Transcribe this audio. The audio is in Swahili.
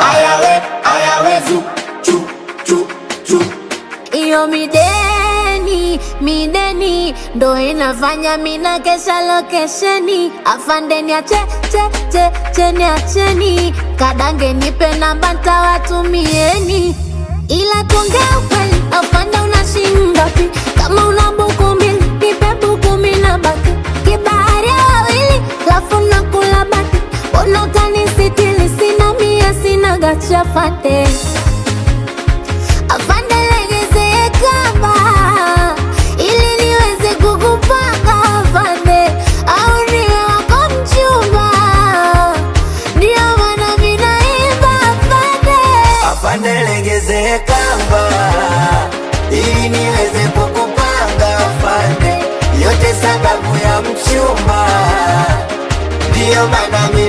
ayawe ayawe zu chu chu chu. Iyo mideni mideni ndo inafanya mina kesha lokesheni. Afandeni ache che che cheni acheni, kadange nipe namba ntawatumieni, ila tuongea ukweli. Afanda una shilingi kama una buku mbili nipe buku mbili na baki kibahari ya wawili, lafu nakula baki chapate afande, legezee kamba ili niweze kukupanga afande, au niwe wako mchumba, ndio maana vinaimba afande. Afande, legezee kamba ili niweze kukupanga afande, yote sababu ya mchumba, ndio maana